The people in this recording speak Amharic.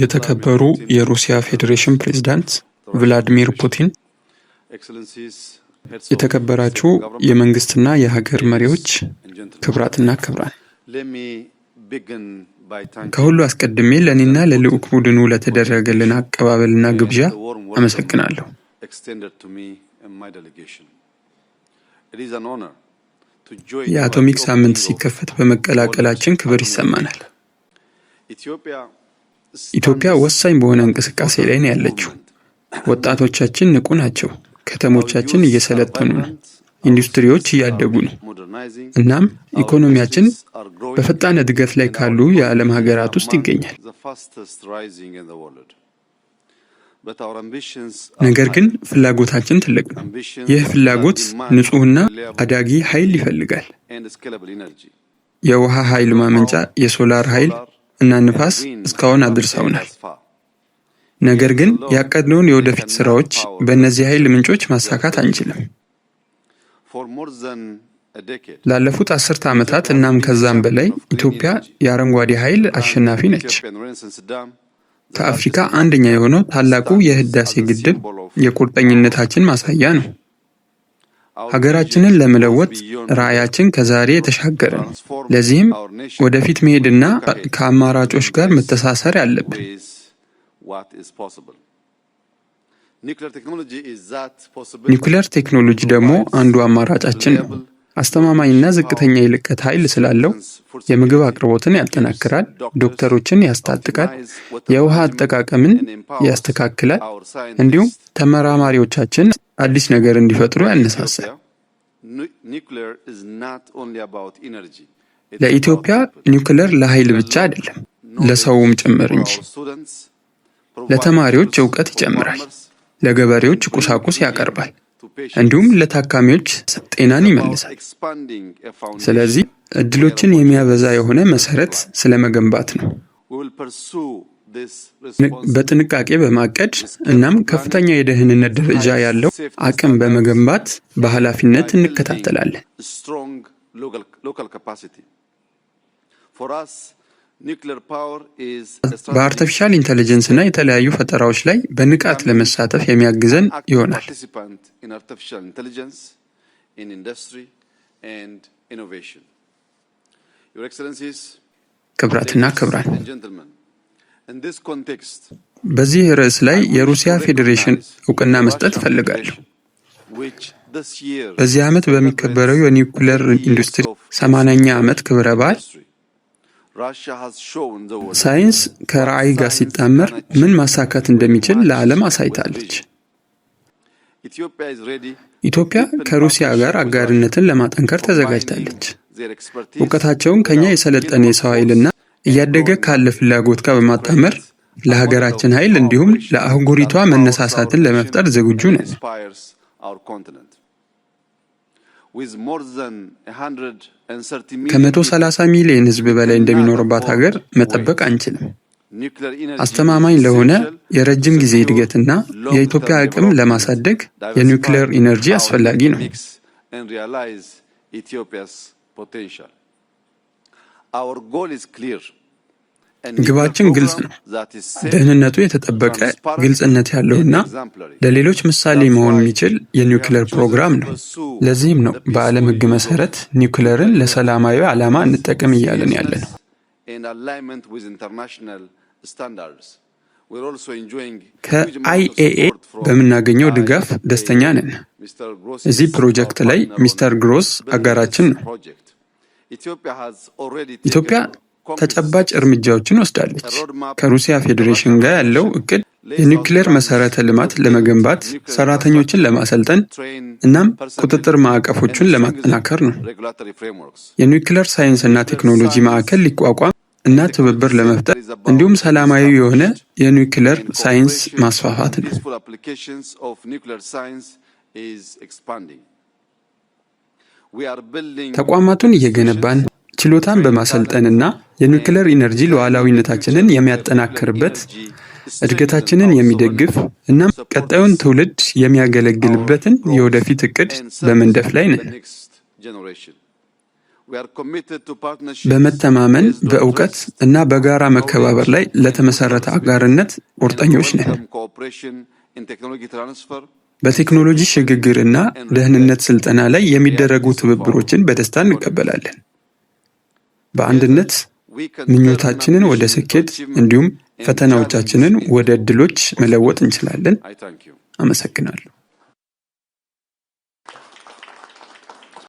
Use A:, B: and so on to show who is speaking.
A: የተከበሩ የሩሲያ ፌዴሬሽን ፕሬዝዳንት ቭላዲሚር ፑቲን፣ የተከበራችሁ የመንግስትና የሀገር መሪዎች፣ ክብራትና ክብራን፣ ከሁሉ አስቀድሜ ለእኔና ለልዑክ ቡድኑ ለተደረገልን አቀባበልና ግብዣ አመሰግናለሁ። የአቶሚክ ሳምንት ሲከፈት በመቀላቀላችን ክብር ይሰማናል። ኢትዮጵያ ወሳኝ በሆነ እንቅስቃሴ ላይ ነው ያለችው። ወጣቶቻችን ንቁ ናቸው። ከተሞቻችን እየሰለጠኑ ነው። ኢንዱስትሪዎች እያደጉ ነው። እናም ኢኮኖሚያችን በፈጣን እድገት ላይ ካሉ የዓለም ሀገራት ውስጥ ይገኛል። ነገር ግን ፍላጎታችን ትልቅ ነው። ይህ ፍላጎት ንጹህና አዳጊ ኃይል ይፈልጋል። የውሃ ኃይል ማመንጫ፣ የሶላር ኃይል እና ንፋስ እስካሁን አድርሰውናል። ነገር ግን ያቀድነውን የወደፊት ስራዎች በእነዚህ ኃይል ምንጮች ማሳካት አንችልም። ላለፉት አስርተ ዓመታት እናም ከዛም በላይ ኢትዮጵያ የአረንጓዴ ኃይል አሸናፊ ነች። ከአፍሪካ አንደኛ የሆነው ታላቁ የህዳሴ ግድብ የቁርጠኝነታችን ማሳያ ነው። ሀገራችንን ለመለወጥ ራዕያችን ከዛሬ የተሻገረ ነው። ለዚህም ወደፊት መሄድና ከአማራጮች ጋር መተሳሰር ያለብን። ኒውክሌር ቴክኖሎጂ ደግሞ አንዱ አማራጫችን ነው። አስተማማኝና ዝቅተኛ የልቀት ኃይል ስላለው የምግብ አቅርቦትን ያጠናክራል፣ ዶክተሮችን ያስታጥቃል፣ የውሃ አጠቃቀምን ያስተካክላል፣ እንዲሁም ተመራማሪዎቻችን አዲስ ነገር እንዲፈጥሩ ያነሳሳል። ለኢትዮጵያ ኒውክለር ለኃይል ብቻ አይደለም፣ ለሰውም ጭምር እንጂ። ለተማሪዎች እውቀት ይጨምራል፣ ለገበሬዎች ቁሳቁስ ያቀርባል። እንዲሁም ለታካሚዎች ጤናን ይመልሳል። ስለዚህ እድሎችን የሚያበዛ የሆነ መሰረት ስለመገንባት ነው። በጥንቃቄ በማቀድ እናም ከፍተኛ የደህንነት ደረጃ ያለው አቅም በመገንባት በኃላፊነት እንከታተላለን። በአርተፊሻል ኢንተለጀንስ እና የተለያዩ ፈጠራዎች ላይ በንቃት ለመሳተፍ የሚያግዘን ይሆናል። ክብራትና ክብራን በዚህ ርዕስ ላይ የሩሲያ ፌዴሬሽን እውቅና መስጠት እፈልጋለሁ። በዚህ ዓመት በሚከበረው የኒውክሌር ኢንዱስትሪ ሰማንያኛ ዓመት ክብረ በዓል ሳይንስ ከራዕይ ጋር ሲጣመር ምን ማሳካት እንደሚችል ለዓለም አሳይታለች። ኢትዮጵያ ከሩሲያ ጋር አጋርነትን ለማጠንከር ተዘጋጅታለች። እውቀታቸውን ከኛ የሰለጠነ የሰው ኃይልና እያደገ ካለ ፍላጎት ጋር በማጣመር ለሀገራችን ኃይል እንዲሁም ለአህጉሪቷ መነሳሳትን ለመፍጠር ዝግጁ ነን። ከመቶ 30 ሚሊዮን ህዝብ በላይ እንደሚኖርባት ሀገር መጠበቅ አንችልም። አስተማማኝ ለሆነ የረጅም ጊዜ እድገትና የኢትዮጵያ አቅም ለማሳደግ የኒውክሌር ኢነርጂ አስፈላጊ ነው። ኢትዮጵያስ ፖቴንሻል ግባችን ግልጽ ነው። ደህንነቱ የተጠበቀ ግልጽነት ያለውና ለሌሎች ምሳሌ መሆን የሚችል የኒውክለር ፕሮግራም ነው። ለዚህም ነው በዓለም ሕግ መሰረት ኒውክለርን ለሰላማዊ ዓላማ እንጠቀም እያለን ያለ ነው። ከአይኤኤ በምናገኘው ድጋፍ ደስተኛ ነን። እዚህ ፕሮጀክት ላይ ሚስተር ግሮስ አጋራችን ነው። ኢትዮጵያ ተጨባጭ እርምጃዎችን ወስዳለች። ከሩሲያ ፌዴሬሽን ጋር ያለው እቅድ የኒውክሌር መሰረተ ልማት ለመገንባት ሰራተኞችን ለማሰልጠን እናም ቁጥጥር ማዕቀፎቹን ለማጠናከር ነው። የኒውክሌር ሳይንስና ቴክኖሎጂ ማዕከል ሊቋቋም እና ትብብር ለመፍጠር እንዲሁም ሰላማዊ የሆነ የኒውክሌር ሳይንስ ማስፋፋት ነው። ተቋማቱን እየገነባን ችሎታን በማሰልጠንና የኒውክለር ኢነርጂ ሉዓላዊነታችንን የሚያጠናክርበት እድገታችንን የሚደግፍ እናም ቀጣዩን ትውልድ የሚያገለግልበትን የወደፊት እቅድ በመንደፍ ላይ ነን። በመተማመን በእውቀት እና በጋራ መከባበር ላይ ለተመሰረተ አጋርነት ቁርጠኞች ነን። በቴክኖሎጂ እና ደህንነት ስልጠና ላይ የሚደረጉ ትብብሮችን በደስታ እንቀበላለን። በአንድነት ምኞታችንን ወደ ስኬት እንዲሁም ፈተናዎቻችንን ወደ እድሎች መለወጥ እንችላለን። አመሰግናለሁ።